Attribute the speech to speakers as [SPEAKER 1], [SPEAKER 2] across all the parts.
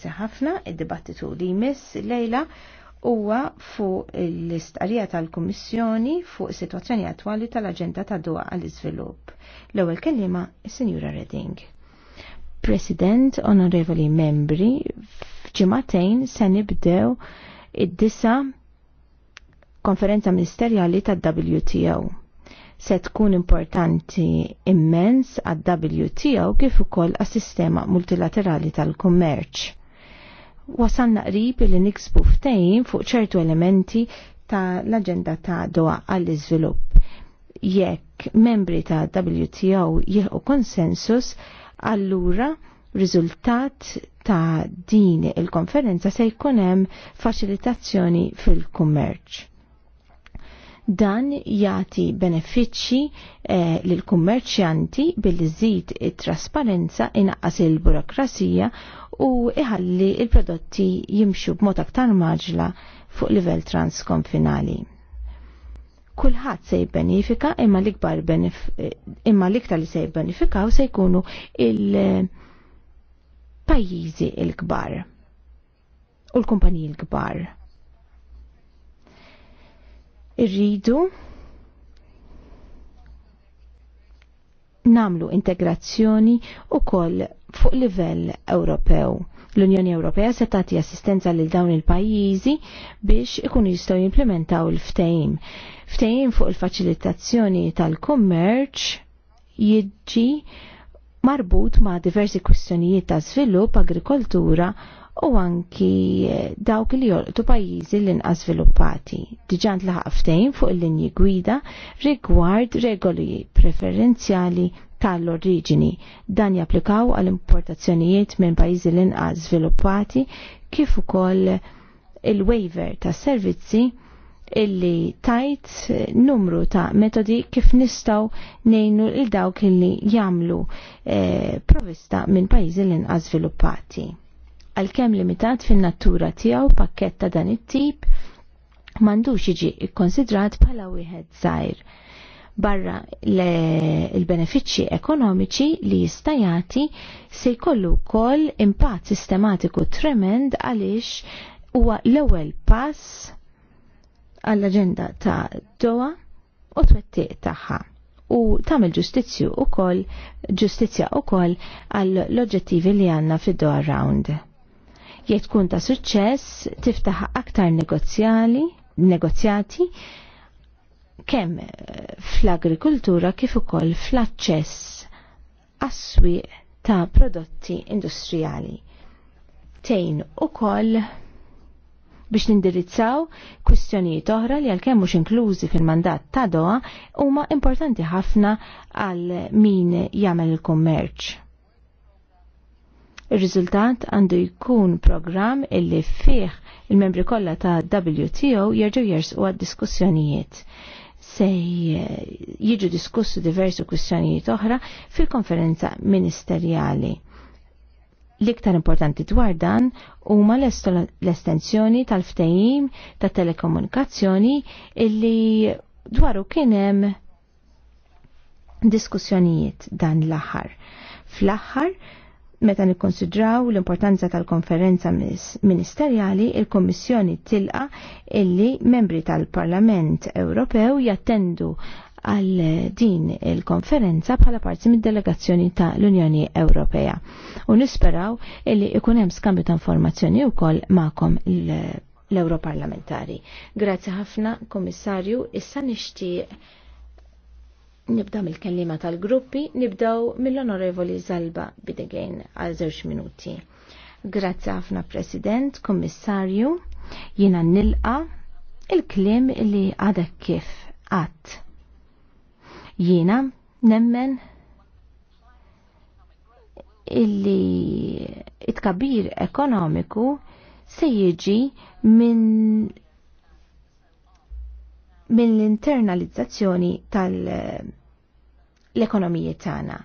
[SPEAKER 1] ringrazzja ħafna, id-dibattitu li jmiss lejla huwa fuq l-istqarrija tal-Kummissjoni fuq is-sitwazzjoni attwali tal-Aġenda ta' Doha għall-Iżvilupp. L-ewwel kelliema is-Sinjura Reding. President, onorevoli membri, f'ġimatejn se nibdew id-disa konferenza ministerjali tad-WTO se tkun importanti immens għad WTO kif ukoll għas-sistema multilaterali tal-kummerċ wasalna qrib li niksbu ftejn fuq ċertu elementi ta' l-agenda ta' doa għall-iżvilupp. Jekk membri ta' WTO jieħu konsensus, allura riżultat ta' din il-konferenza se jkun hemm faċilitazzjoni fil-kummerċ Dan jati benefiċċji eh, l kummerċjanti billi żid it-trasparenza inaqqas il-burokrasija u iħalli il-prodotti jimxu b'mod aktar maġla fuq livell transkonfinali kulħadd se jibbenifika imma l-ikbar eh, imma l-iktar li se jibbenifikaw se jkunu il-pajjiżi l-kbar u l-kumpaniji l-kbar irridu namlu integrazzjoni u koll fuq livell Ewropew. L-Unjoni Ewropea se tagħti assistenza lil dawn il-pajjiżi biex ikunu jistgħu jimplementaw il-ftehim. Ftehim fuq il-faċilitazzjoni tal-kummerċ jiġi marbut ma' diversi kwistjonijiet ta' svilupp, agrikoltura u anki eh, dawk li jolqtu pajjiżi l-inqas sviluppati. Diġant laħaftejn fuq il-linji gwida rigward regoli preferenzjali tal-oriġini. Dan japplikaw għall-importazzjonijiet minn pajjiżi l-inqas sviluppati kif ukoll il-waiver ta' servizzi illi tajt eh, numru ta' metodi kif nistaw nejnu il-dawk illi jamlu eh, provista minn pajjiżi l-inqas sviluppati għalkemm limitat fin-natura tiegħu pakkett ta' dan it-tip m'għandux jiġi konsidrat bħala wieħed żgħir barra l benefiċċji ekonomiċi li jista' jagħti se jkollu wkoll impatt sistematiku tremend għaliex huwa l-ewwel pass għall-aġenda ta' doa u twettiq tagħha u tagħmel ġustizzju ukoll ġustizzja ukoll għall oġġettivi li għandna fid doa Round jekk tkun ta' suċċess tiftaħ aktar negozjali, negozjati kemm eh, fl-agrikultura kif ukoll fl-aċċess għas-swieq ta' prodotti industrijali. Tejn ukoll biex nindirizzaw kwistjonijiet oħra li għalkemm mhux inklużi fil-mandat ta' doa huma importanti ħafna għal min jagħmel il-kummerċ. Ir-riżultat għandu jkun programm illi fih il-membri kollha ta' WTO jerġgħu jersqu għad-diskussjonijiet se jiġu diskussu diversi kwistjonijiet oħra fil-konferenza ministerjali. L-iktar importanti dwar dan huma l-estensjoni tal-ftehim ta' telekomunikazzjoni illi dwaru kien hemm diskussjonijiet dan l-aħħar. Fl-aħħar Meta nikkonsidraw l-importanza tal-konferenza ministerjali, il-Kommissjoni tilqa illi membri tal-Parlament Ewropew jattendu għal din il-konferenza bħala parti mid-delegazzjoni ta' l-Unjoni Ewropea. U nisperaw illi ikun hemm skambju ta' informazzjoni wkoll ma'kom l-Europarlamentari. Grazzi ħafna, Komissarju, issa nixtieq Nibda mill-kellima tal-gruppi, nibdaw mill-Onorevoli Zalba bidegħin għal żewġ minuti. Grazzi ħafna President, Kommissarju, jiena nilqa il-klim li għadek kif għat. Jiena nemmen illi it-kabir ekonomiku se jiġi minn mill-internalizzazzjoni tal- l-ekonomiji tagħna.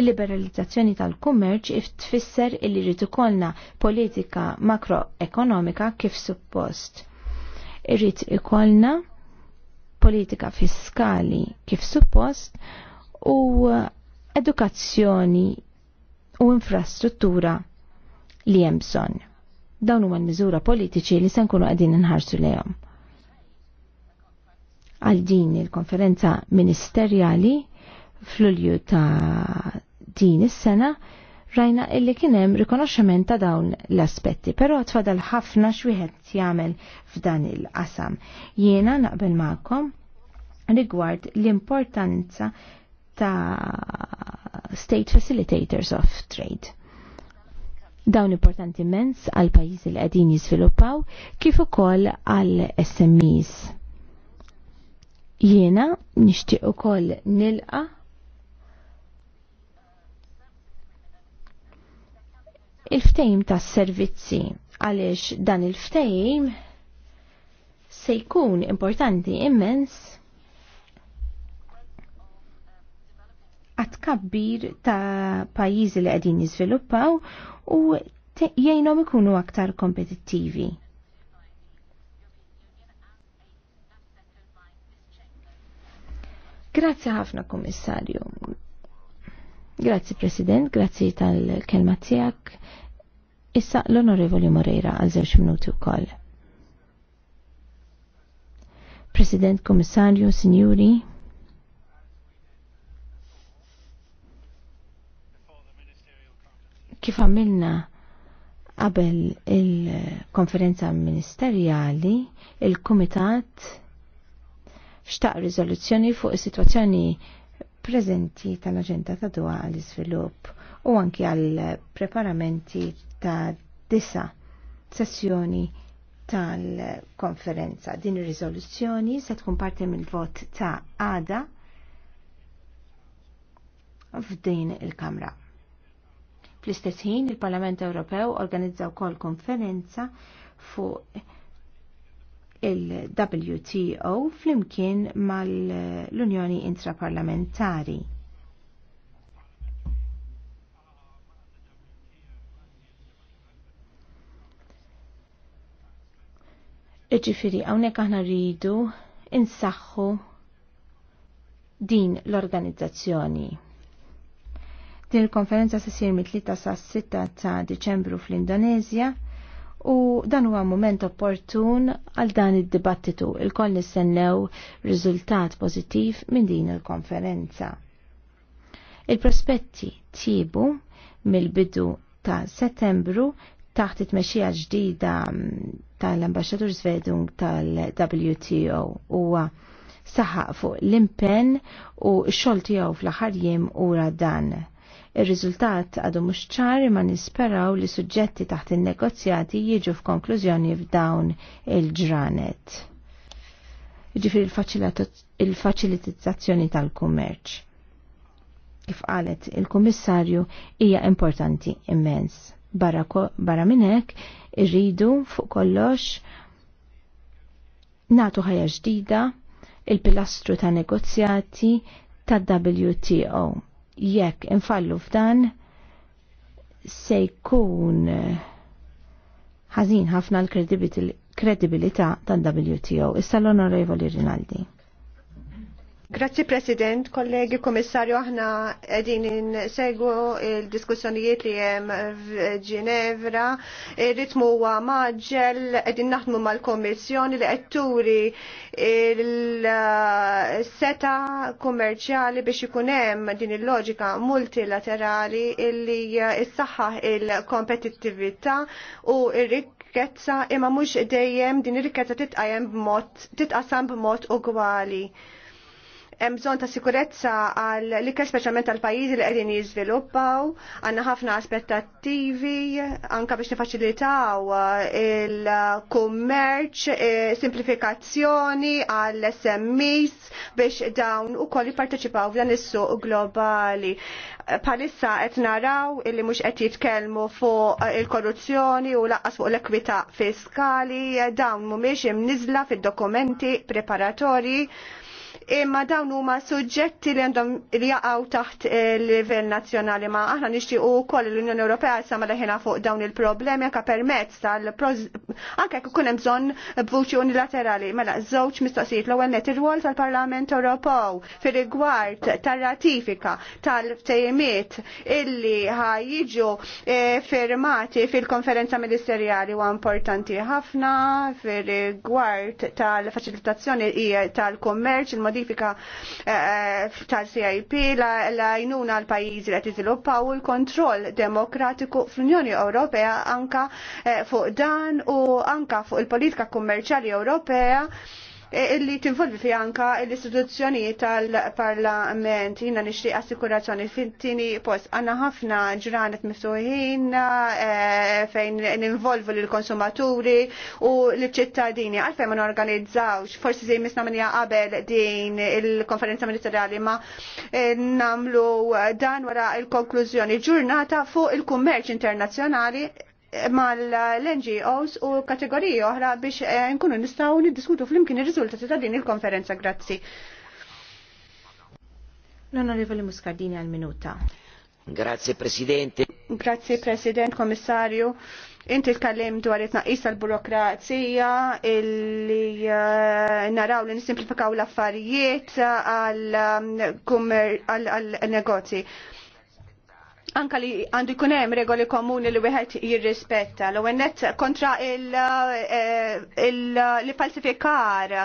[SPEAKER 1] Il-liberalizzazzjoni tal-kummerċ if tfisser li rrid ikollna politika makroekonomika kif suppost. Irrid ikollna politika fiskali kif suppost u edukazzjoni u infrastruttura li hemm bżonn. Dawn huma l-miżura politiċi li se nkunu qegħdin inħarsu lejhom għal din il-konferenza ministerjali fl-ulju ta' din is-sena rajna illi kienem rikonoxxament ta' dawn l-aspetti, pero tfadal ħafna xwieħed jagħmel f'dan il-qasam. Jiena naqbel magħkom rigward l-importanza ta' State Facilitators of Trade. Dawn importanti mens għal pajjiżi li qegħdin jiżviluppaw kif ukoll għal SMEs Jiena nixtieq ukoll nilqa' il-ftejm tas servizzi għaliex dan il-ftejm se jkun importanti immens għat-kabbir ta' pajizi li għedin jizviluppaw u jgħinom ikunu aktar kompetittivi. Grazzi ħafna komissarju. Grazzi President, grazie tal-kelma tiegħek. Issa l-Onorevoli Moreira għal żewġ minuti wkoll. President Komissarju, Sinjuri, kif għamilna qabel il-konferenza ministerjali, il-Kumitat xtaq rizoluzzjoni fuq is-sitwazzjoni preżenti tal-Aġenda ta' Doha għal iżvilupp u anki għal preparamenti ta' disa sessjoni tal-konferenza. Din ir-riżoluzzjoni se tkun parti mill-vot ta' għada f'din il-Kamra. Fl-istess ħin, il-Parlament Ewropew organizza wkoll konferenza fuq il-WTO flimkien mal-Unjoni Intraparlamentari. Iġifiri, għawnek aħna rridu insaxħu din l-organizzazzjoni. Din il-konferenza se sir mit-3 sa' 6 ta' Deċembru fl-Indonezja, u dan huwa moment opportun għal dan id-dibattitu il-koll nissennew riżultat pożittiv minn din il-konferenza. Il-prospetti tibu mill-bidu ta' settembru taħt it mexija ġdida tal-ambasċatur Svedung tal-WTO huwa saħaq fuq l-impenn u x-xogħol tiegħu fl-aħħar jiem ura dan Ir-riżultat għadu mhux ċar ma nisperaw li suġġetti taħt in-negozjati jiġu f'konklużjoni f'dawn il-ġranet. Ġifir il-faċilitizzazzjoni tal-kummerċ. Kif qalet il-Kummissarju hija importanti immens. Barra, minnek minn hekk irridu fuq kollox natu ħajja ġdida il-pilastru ta' negozjati ta' WTO jekk infallu f'dan se jkun eh, ħażin ħafna l-kredibilità tan WTO. Issa l-Onorevoli Rinaldi.
[SPEAKER 2] Grazzi President, kollegi komissarju, aħna edin segu il-diskussjonijiet li jem f'Ġinevra, ritmu huwa maġġel, edin naħdmu mal-Komissjoni li qed turi il-seta kummerċjali biex ikun hemm din il-loġika multilaterali illi s-saxħa il-kompetittività u il rik rikkezza imma mhux dejjem din ir-rikkezza titqajjem b'mod titqasam b'mod ugwali hemm bżonn ta' sikurezza għal l-ikel speċjalment għal pajjiżi li qegħdin jiżviluppaw, għandna ħafna aspettattivi anke biex nifaċilitaw eh, il-kummerċ, eh, simplifikazzjoni għall smis biex dawn ukoll jipparteċipaw f'dan is-suq globali. Palissa qed naraw illi mhux qed jitkellmu fuq il-korruzzjoni u laqqas fuq l-ekwità fiskali, dawn mhumiex imniżla fid-dokumenti preparatorji imma dawn huma suġġetti li għandhom li jaqgħu taħt il eh, livell nazzjonali ma aħna nixtiequ wkoll l-Unjoni Ewropea sama mela leħina fuq dawn il-problemi anke permezz tal anke jekk ikun hemm bżonn b'vuċi unilaterali mela żewġ mistoqsijiet l-ewwel net ir-rwol tal-Parlament Ewropew fir-rigward tar-ratifika tal ftejimiet illi ħajjiġu eh, firmati fil-konferenza ministerjali huwa importanti ħafna fir-rigward tal-faċilitazzjoni tal-kummerċ il-modi modifika eh, eh, tal-CIP, l-għajnuna l-pajizi li t-izviluppaw il-kontroll demokratiku fl-Unjoni Ewropea anka eh, fuq dan u anka fuq il-politika kummerċali Ewropea Eh, illi tinvolvi fi anka l istituzzjoni tal-Parlament. Jina nixtieq assikurazzjoni fit-tieni post. Għandna ħafna ġranet miftuħin eh, fejn ninvolvu lill-konsumaturi u l-ċittadini. Għalfejn ma norganizzawx, forsi żej misna minn qabel din il-konferenza ministeriali ma eh, namlu dan wara il-konklużjoni ġurnata fuq il-kummerċ internazzjonali mal-NGOs u kategoriji oħra biex eh, nkunu nistaw niddiskutu fl-imkien ir-riżultati ta' din il-konferenza. Grazzi. L-Onorevoli Muscardini għal minuta.
[SPEAKER 1] Grazie Presidente.
[SPEAKER 2] Grazie President, Komissarju. Inti tkallim dwar it tnaqqis tal-burokrazija illi eh, naraw li nisimplifikaw l-affarijiet għal-negozji. Eh, anka li għandu jkun hemm regoli komuni li wieħed jirrispetta. L-ewwel kontra il-falsifikar il, eh, il, il, il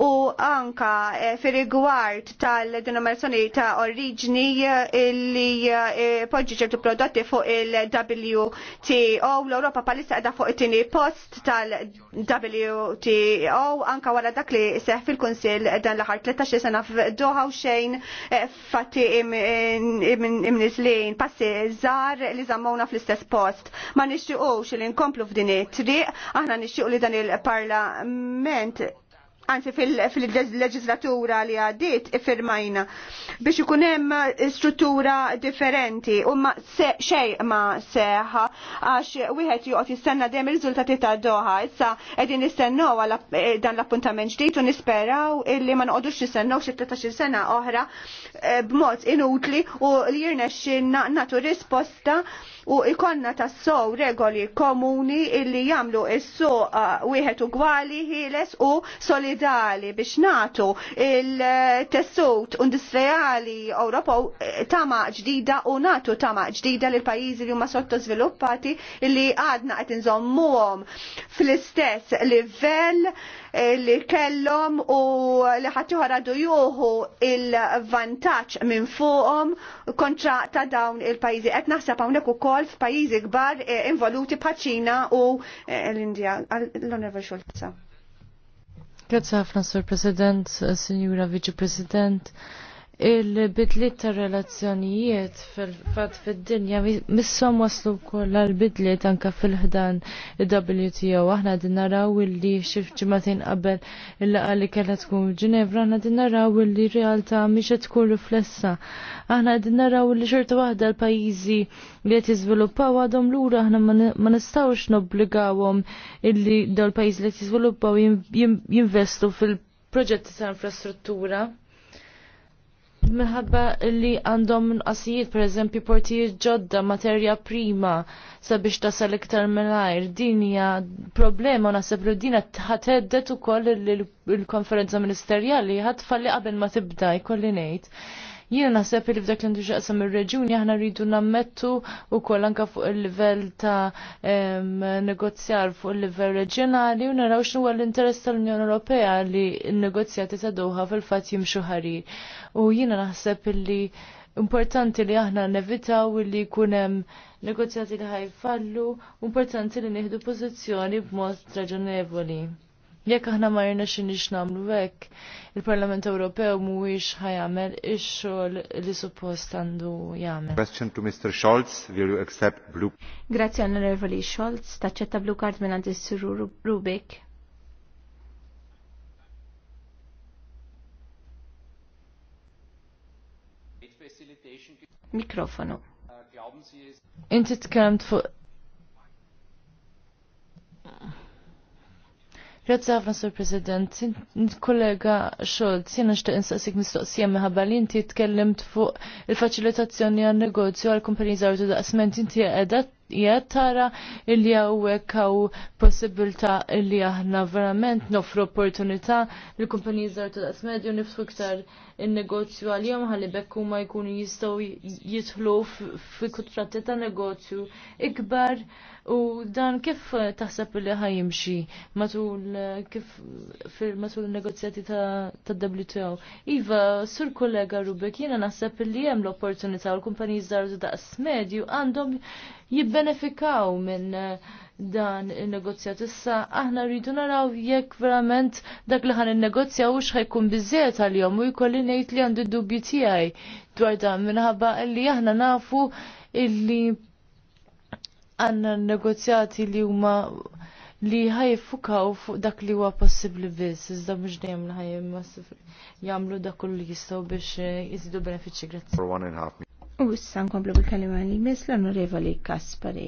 [SPEAKER 2] u anka eh, fir-rigward tal-denominazzjoni ta' oriġni eh, illi eh, poġġi ċertu prodotti fuq il-WTO l-Europa palissa edha fuq it-tini post tal-WTO anka wara dak li seħ fil-Konsil dan l-ħar 13 sena f'Doha u xejn fatti imnizlin passi zar li zammona fl-istess post. Ma nixtiqux li nkomplu f'din it-triq, aħna nixtiqu li dan il-parlament anzi fil-leġislatura li għaddit firmajna biex ikun hemm struttura differenti u ma xej ma seħa għax wieħed joqgħod jistenna dem ir rizultati ta' doħa issa qegħdin nistennew għal eh, dan l-appuntament ġdid u nisperaw illi ma nqodux nistennew xi 13 sena oħra eh, b'mod inutli u li jirnexxinna nagħtu risposta u ikonna sow regoli komuni illi jagħmlu is-suq eh, wieħed ugwali ħieles u solid formidali biex natu il-tessut industriali Ewropew eh, tama ġdida u natu tama ġdida l pajjiżi li huma sottosviluppati li għadna qed inżommuhom fl-istess livell eh, li kellhom u li ħadd joħradu juhu il-vantaġġ minn fuqhom kontra ta' dawn il-pajjiżi. Qed naħseb hawnhekk ukoll f'pajjiżi kbar eh, involuti bħaċ-Ċina u l-Indja. L-Onorevole Schulza.
[SPEAKER 3] Grazie ħafna, Sur President, Signora Vice President il-bidliet tar relazzjonijiet fil-fat fil-dinja missom waslu wkoll għall bidliet anke fil-ħdan WTO. Aħna din naraw li xifġi matin qabel il-laqa li kellha tkun Ġinevra, aħna din naraw illi realtà mhix qed tkun riflessa. Aħna din naraw li xorta waħda l-pajjiżi li qed jiżviluppaw għadhom lura aħna ma nistgħux nobligawom illi li dal pajjiżi li qed jiżviluppaw jinvestu fil-proġetti ta' infrastruttura. Mħabba li għandhom nqasijiet, per eżempju, portijiet ġodda, materja prima, sabiex tasal iktar melajr, din hija problema, naħseb li din u ukoll il-konferenza ministerjali, ħatfalli qabel ma tibda, jkolli ngħid. Jiena naħseb li f'dak li għandu xaqsam ir-reġuni aħna rridu nammettu wkoll anke fuq il-livell ta' negozjar fuq il-livell reġjonali u naraw x'nu l-interess tal-Unjoni Ewropea li n-negozjati ta' Doha fil-fatt jimxu ħarir. U jiena naħseb li importanti li aħna nevitaw li jkun hemm negozjati li ħajfallu, importanti li nieħdu pożizzjoni b'mod raġonevoli. Jekk aħna ma jirna xinix namlu hekk, il-Parlament Ewropew mhuwiex ħajamel ix-xogħol li suppost għandu jagħmel. Question to Mr. Scholz, will you accept blue?
[SPEAKER 1] Grazzi Onorevoli Scholz, taċċetta blue card minn għandi Suru Rubik.
[SPEAKER 2] Mikrofonu. Inti
[SPEAKER 3] tkellmt fuq Grazie a Sur President. Kollega Scholz, jena xtaq insaqsik mistoqsija meħabba li inti tkellimt fuq il-faċilitazzjoni għal negozju għal kumpaniji żgħar daqsment inti qiegħda jgħat tara illi għawek għaw possibilta illi aħna verament nofru opportunità li kumpaniji zar ta' medju niftu iktar il-negozju għal-jom għalli bekku ma jkunu jistaw jitħlu fi kontratti ta' negozju ikbar u dan kif taħseb li ħajimxi matul kif matul negozjati ta' WTO. Iva, sur kollega Rubek, jena naħseb li jem l-opportunità u l-kumpaniji zar medju għandhom jibbenefikaw minn eh, dan il-negozjat. Issa aħna rridu naraw jekk verament dak li ħan il-negozja u xħajkun bizziet għal-jom u jkolli nejt li għandu dubji tijaj dwar dan minħabba li aħna nafu illi għanna negozjati li huma li ħajfukaw fuq dak li huwa possibbli biss, iżda mhux dejjem li ħajjem jagħmlu dak kull jistgħu biex eh, jiżidu benefiċċji grazzi. U issa nkomplu bil-kalima li mis l-onorevoli Kaspari.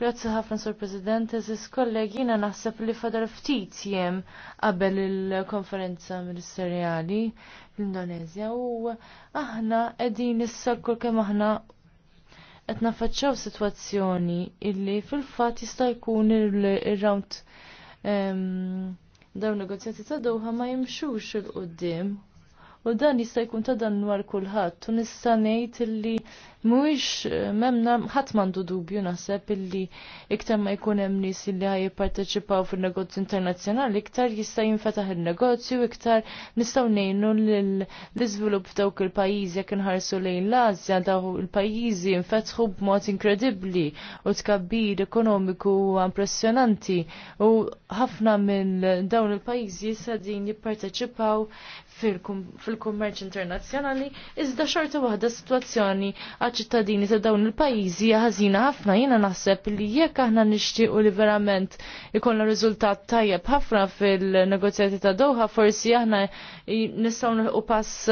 [SPEAKER 3] Grazzi ħafna, Sur President, eżis kollegi, jina naħseb li fadar ftit jem qabel il-konferenza ministerjali l-Indonezja u aħna edin issa kull kem aħna qed nafaċċaw sitwazzjoni illi fil-fatt jista' jkun ir-round ehm, dawn negozjati ta' Doha ma jimxux il qudiem u dan jista' jkun ta' dan dwar kulħadd u nista' ngħid illi mhuwiex memna ħadd m'għandu dubju naħseb illi iktar ma jkun hemm nies illi ħaj jipparteċipaw fin-negozju internazzjonali iktar jista' jinfetaħ il-negozju iktar nistgħu ngħinu l-iżvilupp f'dawk il-pajjiżi jekk inħarsu lejn l-Asja daw il-pajjiżi infetħu b'mod inkredibbli u tkabbir ekonomiku impressjonanti u ħafna minn dawn il-pajjiżi issa din jipparteċipaw fil-kummerċ internazzjonali, iżda xorta waħda sitwazzjoni għal-ċittadini ta' dawn il-pajizi ħażina ħafna jiena naħseb li jekk aħna nixtiequ li verament ikollna riżultat tajjeb ħafna fil-negozjati ta' Doha forsi aħna nistgħu u pass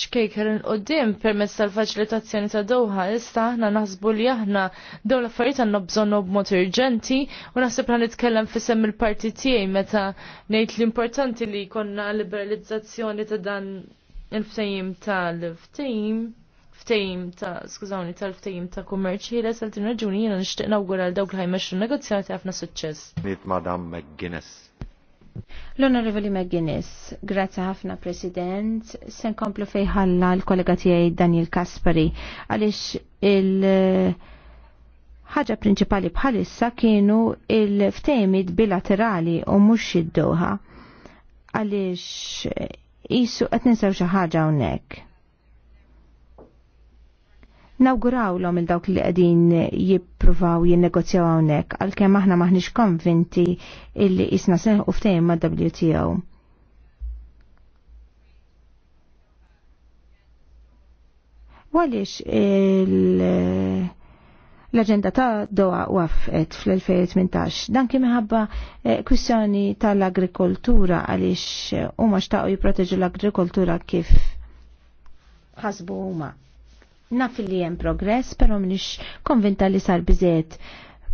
[SPEAKER 3] ċkejker eh, il-qoddim permezz tal-faċilitazzjoni ta' Doha issa aħna naħsbu li aħna dawn l-affarijiet għandna bżonnu b'mod urġenti u naħseb ħan nitkellem fisem il-parti tiegħi meta ngħid l-importanti li jkollna liberalizzazzjoni ta' dan il-ftajim tal-ftajim ftejim ta' skużawni tal-ftejim ta' kummerċ ħieles għal din raġuni jiena nixtieq nawgura għal dawk li ħajmexxu negozjati ħafna suċċess.
[SPEAKER 2] Nit Madam McGuinness.
[SPEAKER 1] L-Onorevoli McGuinness, grazzi ħafna President, sen komplu fejħalla l-kollega tiegħi Daniel Kaspari għaliex il- ħaġa prinċipali bħalissa kienu il-ftejmid bilaterali u mhux id-doha għaliex jisu qed ninsew xi ħaġa hawnhekk nawgurawlhom il dawk li qegħdin jippruvaw jinnegozjaw hawnhekk għalkemm aħna maħniex konvinti illi isna seħ ftehim mad-WTO. Waliex l-agenda ta' doa waffqet fl-2018 dan kien minħabba eh, kwistjoni tal-agrikoltura għaliex huma xtaqgħu jipproteġu l-agrikoltura kif ħasbu huma. Naf li hemm progress, però mniex konvinta li sar bizet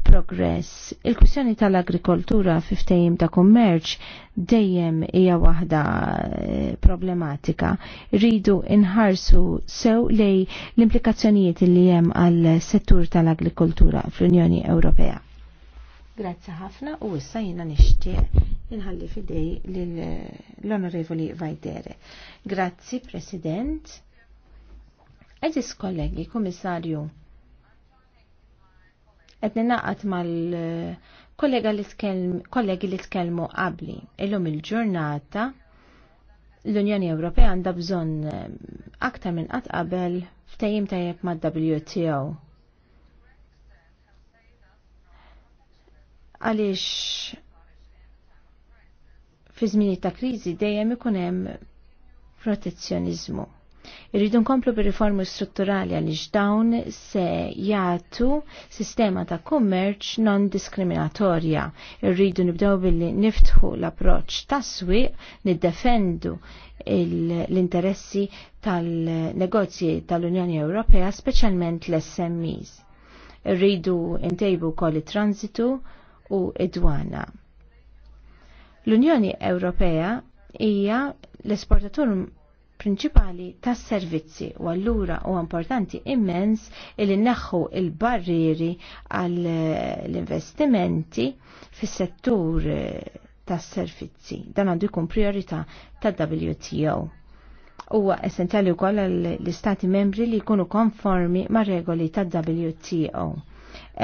[SPEAKER 1] progress. Il-kwistjoni tal-agrikoltura fiftejim ta' kummerċ dejjem hija waħda eh, problematika. Rridu inħarsu sew lej l-implikazzjonijiet li hemm għal settur tal-agrikoltura fl-Unjoni Ewropea. Grazzi ħafna u issa jiena nixtieq inħalli fidej l-Onorevoli Vajdere. Grazzi President. Eżis kollegi, komissarju, edni naqat mal-kollega li kollegi li skelmu qabli, illum il-ġurnata l-Unjoni Ewropea għandha bżonn eh, aktar minn qatt qabel ftejjim tajjeb mad-WTO. Għaliex fi żminijiet ta' kriżi dejjem ikun hemm protezzjonizmu. Irridu nkomplu bir-riformi strutturali għaliex dawn se jagħtu sistema ta' kummerċ non diskriminatorja. Irridu nibdew billi niftħu l-approċċ ta' swieq niddefendu l-interessi tal-negozji tal-Unjoni Ewropea, speċjalment l-SMEs. Irridu ntejbu wkoll it-transitu u idwana. L-Unjoni Ewropea hija l-esportatur prinċipali tas servizzi u allura u importanti immens il neħħu il-barriri għall-investimenti eh, fis settur eh, tas servizzi Dan għandu jkun priorità ta' wto Huwa essenzjali wkoll l-istati membri li jkunu konformi mar regoli ta' wto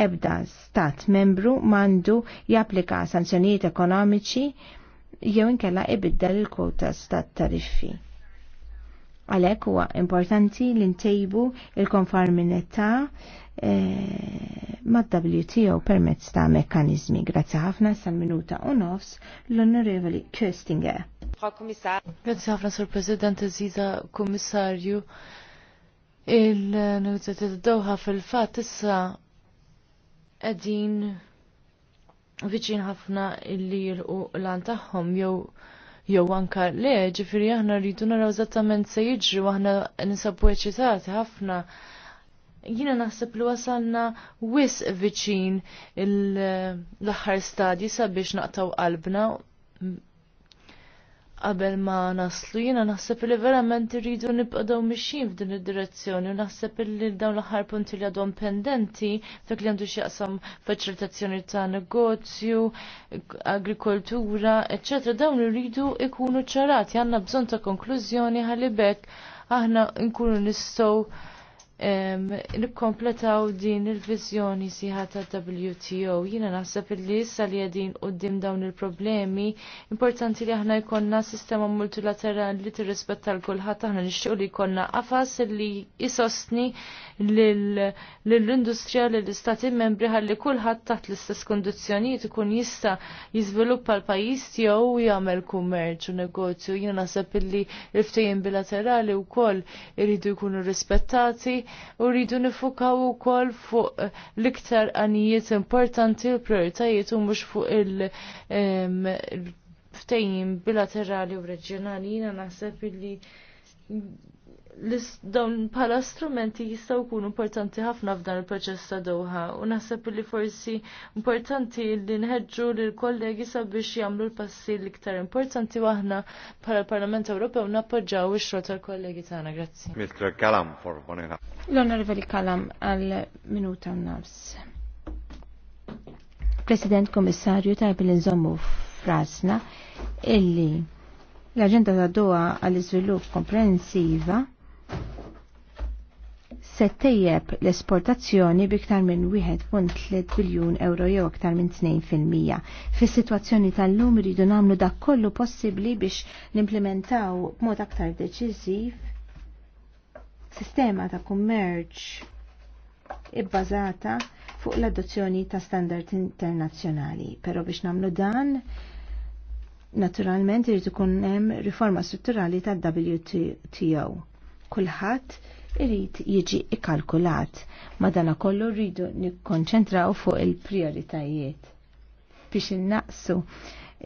[SPEAKER 1] ebda stat membru mandu japplika sanzjonijiet ekonomiċi jew inkella ibiddel il-kwota stat tariffi. Għalhekk huwa importanti li ntejbu il-konformità ma' eh, mad-WTO permezz ta' mekkanizmi. Grazzi ħafna sal-minuta u
[SPEAKER 3] nofs l-Onorevoli Köstinger. Grazzi ħafna Sur President Ziza Kommissarju. Il-negozjati d Doha fil-fat issa għedin viċin ħafna illi jilqu l-antaħħom jew jew anka le, ġifiri aħna rridu naraw eżattament se jiġri u aħna nisabu eċitati ħafna. Jina naħseb li wasalna wis viċin l-aħħar stadji sabiex naqtaw qalbna qabel ma naslu jiena naħseb li verament irridu nibqgħu mixjin f'din id-direzzjoni u naħseb li dawn l-aħħar punti li għadhom pendenti fek li għandu x'jaqsam faċilitazzjoni ta' negozju, agrikoltura, eċċetera, dawn irridu ikunu ċarati għandna bżonn ta' konklużjoni ħalli bekk aħna nkunu nistgħu nikkompletaw din il-vizjoni siħa ta' WTO. Jina naħseb li issa li għedin u dawn il-problemi, importanti li aħna jkonna sistema multilaterali li tirrispetta l-kulħat aħna nixtieq li jkonna għafas li jisostni l-industrija l istati membri ħalli kulħadd taħt l-istess kondizjoni ikun jista' jiżviluppa l-pajjiż tiegħu u jagħmel kummerċ u negozju. Jiena naħseb li l-ftehim bilaterali wkoll iridu jkunu rispettati u rridu nifukaw ukoll fuq eh, l-iktar għanijiet importanti u prioritajiet u mhux fuq il ftejim bilaterali u reġjonali jiena naħseb illi dawn bħala strumenti jistaw kun importanti ħafna f'dan il-proċess ta' Doha u naħseb li forsi importanti li nħedġu li l-kollegi sabiex jagħmlu l-passi l-iktar importanti waħna bħala parlament Ewropew nappoġġaw ix-xogħol tal-kollegi tagħna. Grazzi. Mr. Kalam for Bonina. L-Onorevoli
[SPEAKER 1] Kalam għal minuta nafs. President Komissarju tajb li nżommu frasna illi l-Aġenda ta' Doha għall-Iżvilupp Komprensiva se tejjeb l-esportazzjoni biktar minn 1.3 biljun euro jew aktar minn 2%. Fis-sitwazzjoni tal-lum iridu nagħmlu dak kollu possibbli biex nimplementaw b'mod aktar deċiżiv sistema ta' kummerċ ibbażata fuq l-adozzjoni ta' standard internazzjonali. Però biex nagħmlu dan, naturalment irid ikun hemm riforma strutturali tad-WTO. Kulħadd irrid jiġi ikkalkulat. Madana kollu rridu nikkonċentraw fuq il-prioritajiet biex innaqsu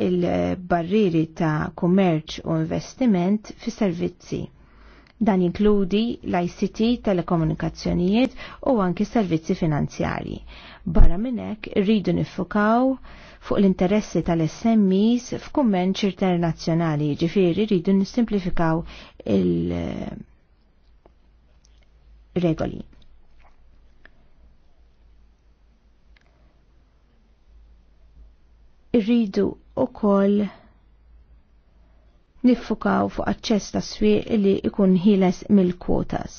[SPEAKER 1] il-barriri ta' kummerċ u investiment fi servizzi. Dan jinkludi l-ICT, telekomunikazzjonijiet u anki servizzi finanzjari. Barra minnek rridu nifukaw fuq l-interessi tal-SMEs f'kummerċ internazzjonali, ġifiri rridu nisimplifikaw il- regoli. Irridu u koll niffukaw fuq aċċess ta' swieq li ikun ħiles mill-kwotas.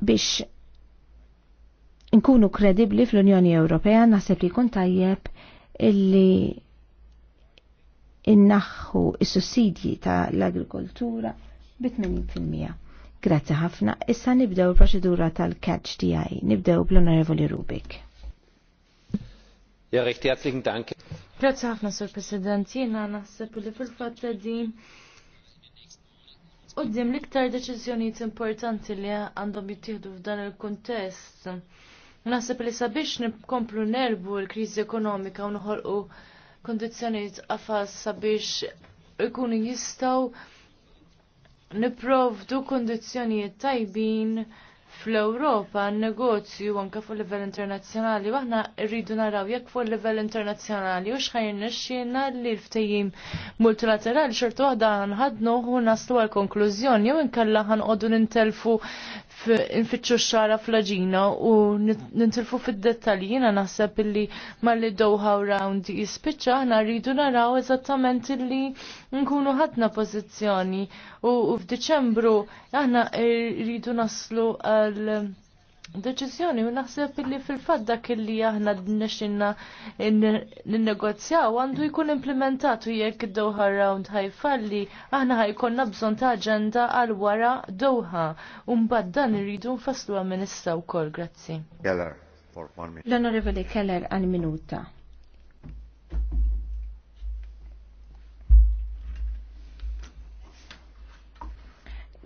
[SPEAKER 1] Biex nkunu kredibli fl-Unjoni Ewropea naħseb li jkun tajjeb illi innaħħu is-sussidji tal-agrikoltura bit 80%. Grazzi ħafna. Issa nibdew il-proċedura tal-catch TI. Nibdew bl-Onorevoli
[SPEAKER 2] Rubik. Ja, recht herzlichen Dank.
[SPEAKER 3] Grazzi ħafna, Sur President. Jena naħseb li fil-fat din dim l-iktar deċiżjonijiet importanti li għandhom jittieħdu f'dan il-kuntest. Naħseb li sabiex nkomplu nerbu l-kriżi ekonomika u noħolqu kondizjoniet għafas sabiex ikunu jistaw niprovdu kondizjonijiet tajbin fl-Europa negozju anke fuq livell internazzjonali waħna rridu naraw jekk fuq livell internazzjonali u xħajn nixxina li l ftehim multilaterali xorta waħda nħadnu u naslu għal konklużjoni jew inkella ħanqodu nintelfu nfittxu xara fl u nintilfu fid-dettalji jiena naħseb illi malli dowha round jispiċċa aħna rridu naraw eżattament illi nkunu ħadna pożizzjoni u f'Diċembru aħna rridu naslu għal deċizjoni u naħseb li fil-fat dak li aħna d-nexinna n-negozjaw għandu jkun implementatu jekk Doha Round ħajfalli aħna ħajkonna bżon ta' ġenda għal wara Doha un-bad dan irridu nfaslu għamin issa u kol, grazzi. Keller,
[SPEAKER 2] for one minute. L-onorevoli Keller
[SPEAKER 3] għal minuta.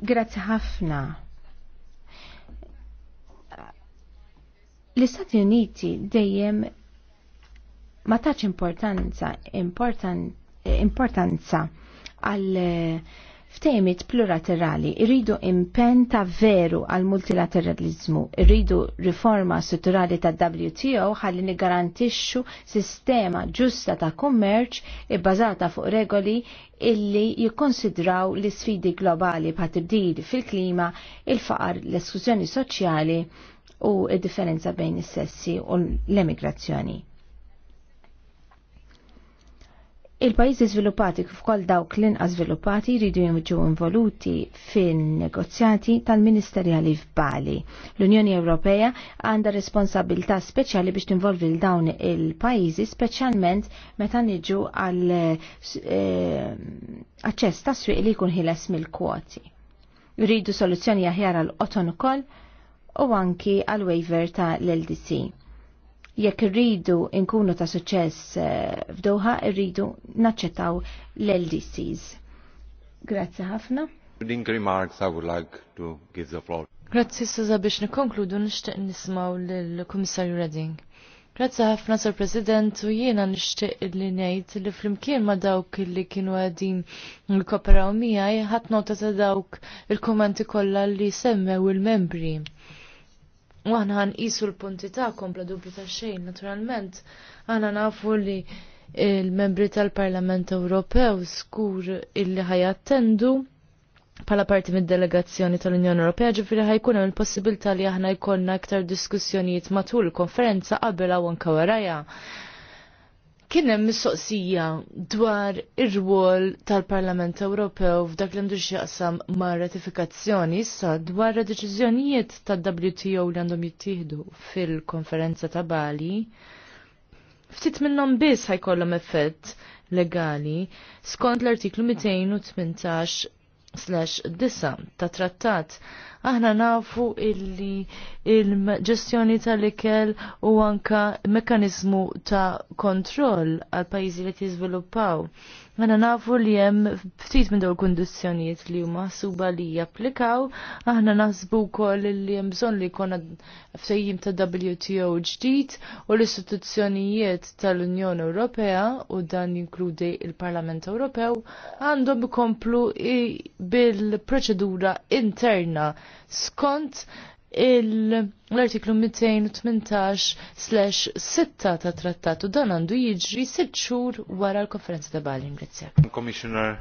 [SPEAKER 1] Grazzi ħafna. L-Istati Uniti dejjem ma taċ importanza importan, importanza għal eh, ftejmit pluraterali irridu impen ta' veru għal multilateralizmu, irridu riforma strutturali ta' WTO ħalli nigarantixxu sistema ġusta ta' kummerċ ibbażata e fuq regoli illi jikkonsidraw l isfidi globali pa' tibdil fil-klima, il-faqar, l-eskużjoni soċjali u il differenza bejn is-sessi u l-emigrazzjoni. Il-pajjiżi żviluppati kif ukoll dawk l-inqas żviluppati jridu jiġu involuti fin-negozjati tal-Ministerjali f'Bali. L-Unjoni Ewropea għandha responsabilità speċjali biex tinvolvi l dawn il-pajjiżi speċjalment meta niġu għal eh, aċċess ta' swieq li jkun ħiles mill-kwoti. Jridu soluzzjoni aħjar għal qoton ukoll u anki għal waiver ta' l-LDC. Jekk irridu nkunu ta' suċċess eh, f'Doha, rridu
[SPEAKER 3] naċċettaw l-LDCs. Grazzi ħafna.
[SPEAKER 2] remarks I would like to give the floor.
[SPEAKER 3] Grazzi Suza biex nikonkludu nixtieq nismaw lill-Kummissarju Redding. Grazzi ħafna Sir President u jiena nixtieq li ngħid li flimkien ma' dawk li kienu għadin nkoperaw miegħi ħadd nota ta' dawk il-kummenti kollha li semmew il-membri. U għana għan isu l-punti ta' kompla dubju ta' xejn, naturalment. Għana nafu li il-membri tal-Parlament Ewropew skur illi ħajattendu pala parti mid-delegazzjoni tal-Unjoni Ewropea ġifiri ħajkun hemm il-possibilità li aħna jkollna aktar diskussjonijiet matul il-konferenza qabel hawn anke warajha. Kien hemm mistoqsija dwar ir-rwol tal-Parlament Ewropew f'dak li għandu xieqsam ma' ratifikazzjoni issa dwar deċiżjonijiet tal wto li għandhom jittieħdu fil-konferenza ta' Bali. Ftit minnhom biss ħajkollhom effett legali skont l-artiklu 218/9 ta' trattat Aħna nafu illi il-ġestjoni tal-ikel u anka mekanizmu ta' kontroll għal pajjiżi li jiżviluppaw. Għana nafu li jem ftit minn dawl kondizjoniet li huma suba li japplikaw, aħna nasbu kol li jem bżon li kona ftejjim ta' WTO ġdid u l-istituzzjonijiet tal-Unjoni Ewropea u dan jinkludi il-Parlament Ewropew għandhom komplu bil-proċedura interna skont l-artiklu 218-6 ta' trattatu dan għandu jiġri sitxur xhur wara l-konferenza ta' Bali. Grazie. Commissioner,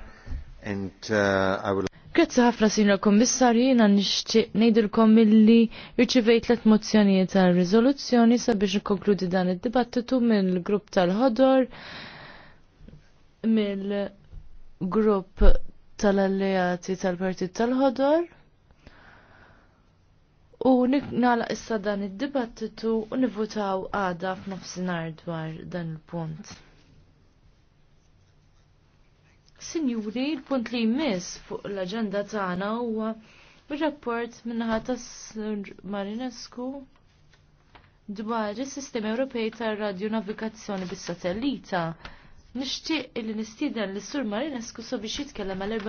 [SPEAKER 3] and uh, I will... Grazie ħafna sinra kommissarju jina nixtieq ngħidilkom milli rċivejt tliet mozzjonijiet tal riżoluzzjoni sabiex nikkonkludi dan id-dibattitu mill-grupp tal-ħodor mill-grupp tal-alleati tal-Partit tal-Ħodor. U nala issa dan id-dibattitu u nivutaw għada f'nofsinhar dwar dan il-punt. Sinjuri, il-punt li jmiss fuq l-agenda tagħna huwa ir-rapport minnaħa tas Marinescu dwar is sistema Ewropej tar-Radju Navigazzjoni bis-Satellita. Nixtieq li nistieden l-Sur Marinescu sabiex jitkellem għal